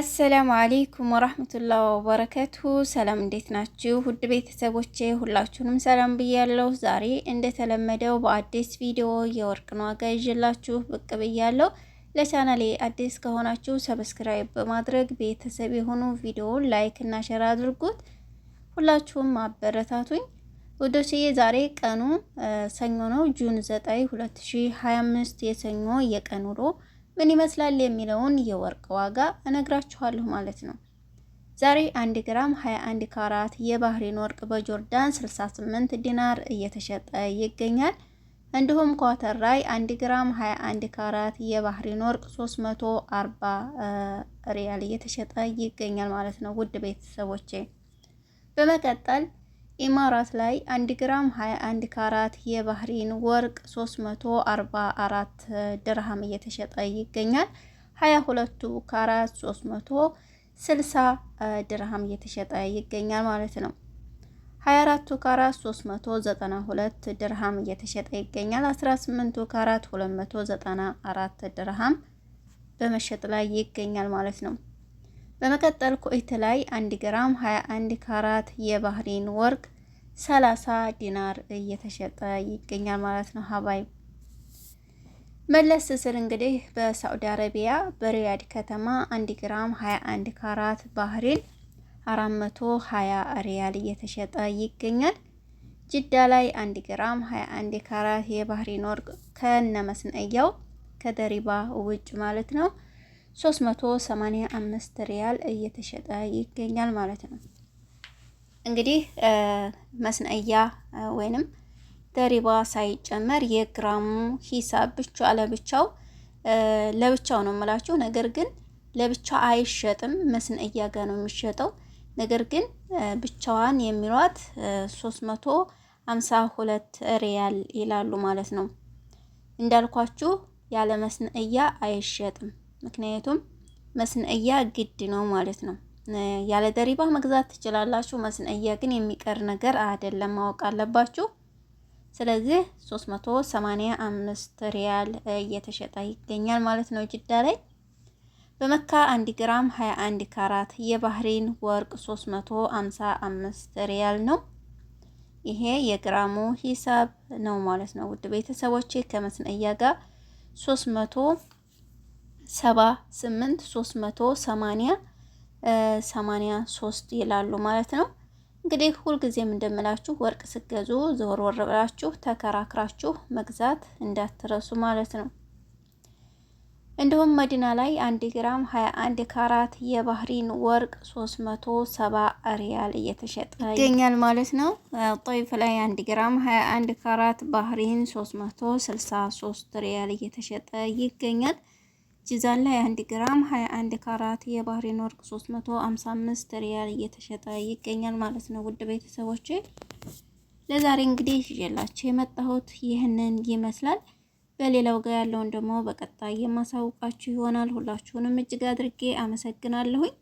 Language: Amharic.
አሰላሙ አሌይኩም ወራህመቱላህ ወበረከቱሁ። ሰላም እንዴት ናችሁ? ውድ ቤተሰቦቼ ሁላችሁንም ሰላም ብያለሁ። ዛሬ እንደተለመደው በአዲስ ቪዲዮ የወርቅን ዋጋ ይዤላችሁ ብቅ ብያለሁ። ለቻናሌ አዲስ ከሆናችሁ ሰብስክራይብ በማድረግ ቤተሰብ የሆኑ ቪዲዮውን ላይክ እና ሸር አድርጉት። ሁላችሁም አበረታቱኝ ውዶችዬ። ዛሬ ቀኑ ሰኞ ነው፣ ጁን 9 2025 የሰኞ የቀን ውሎ ምን ይመስላል የሚለውን የወርቅ ዋጋ እነግራችኋለሁ ማለት ነው። ዛሬ 1 ግራም 21 ካራት የባህሬን ወርቅ በጆርዳን 68 ዲናር እየተሸጠ ይገኛል። እንዲሁም ኳተር ላይ 1 ግራም 21 ካራት የባህሬን ወርቅ 340 ሪያል እየተሸጠ ይገኛል ማለት ነው። ውድ ቤተሰቦቼ በመቀጠል ኢማራት ላይ 1 ግራም 21 ካራት የባህሪን ወርቅ 344 ድርሃም እየተሸጠ ይገኛል። 22ቱ ካራት 360 ድርሃም እየተሸጠ ይገኛል ማለት ነው። ካራት 392 ድርሃም እየተሸጠ ይገኛል። ካራት 294 ድርሃም በመሸጥ ላይ ይገኛል ማለት ነው። በመቀጠል ኩዌት ላይ 1 ግራም 21 ካራት የባህሪን ወርቅ 30 ዲናር እየተሸጠ ይገኛል ማለት ነው። ሀባይ መለስ ስል እንግዲህ በሳዑዲ አረቢያ በሪያድ ከተማ 1 ግራም 21 ካራት ባህሪን 420 ሪያል እየተሸጠ ይገኛል። ጅዳ ላይ 1 ግራም 21 ካራት የባህሪን ወርቅ ከነ መስነያው ከደሪባ ውጭ ማለት ነው 385 ሪያል እየተሸጠ ይገኛል ማለት ነው። እንግዲህ መስነእያ ወይንም ደሪባ ሳይጨመር የግራሙ ሂሳብ ብቻ ለብቻው ለብቻው ነው የምላችሁ። ነገር ግን ለብቻ አይሸጥም፣ መስነእያ ጋ ነው የሚሸጠው። ነገር ግን ብቻዋን የሚሏት 352 ሪያል ይላሉ ማለት ነው። እንዳልኳችሁ ያለ መስነእያ አይሸጥም። ምክንያቱም መስንእያ ግድ ነው ማለት ነው። ያለ ደሪባ መግዛት ትችላላችሁ። መስንእያ ግን የሚቀር ነገር አይደለም፣ ማወቅ አለባችሁ። ስለዚህ 385 ሪያል እየተሸጠ ይገኛል ማለት ነው ጅዳ ላይ። በመካ 1 ግራም 21 ካራት የባህሬን ወርቅ 355 ሪያል ነው። ይሄ የግራሙ ሂሳብ ነው ማለት ነው። ውድ ቤተሰቦቼ ከመስንእያ ጋር 300 ሰባ ስምንት ሶስት መቶ ሰማንያ ሰማንያ ሶስት ይላሉ ማለት ነው። እንግዲህ ሁልጊዜም እንደምላችሁ ወርቅ ስገዙ ዘወር ወር ብላችሁ ተከራክራችሁ መግዛት እንዳትረሱ ማለት ነው። እንዲሁም መዲና ላይ 1 ግራም 21 ካራት የባህሪን ወርቅ 370 ሪያል እየተሸጠ ይገኛል ማለት ነው። ጦይፍ ላይ 1 ግራም 21 ካራት ባህሪን 363 ሪያል እየተሸጠ ይገኛል። ጂዛን ላይ 1 ግራም 21 ካራት የባህሬን ወርቅ 355 ሪያል እየተሸጠ ይገኛል ማለት ነው። ውድ ቤተሰቦቼ ለዛሬ እንግዲህ ይዤላችሁ የመጣሁት ይህንን ይመስላል። በሌላው ጋር ያለውን ደግሞ በቀጣይ የማሳውቃችሁ ይሆናል። ሁላችሁንም እጅግ አድርጌ አመሰግናለሁኝ።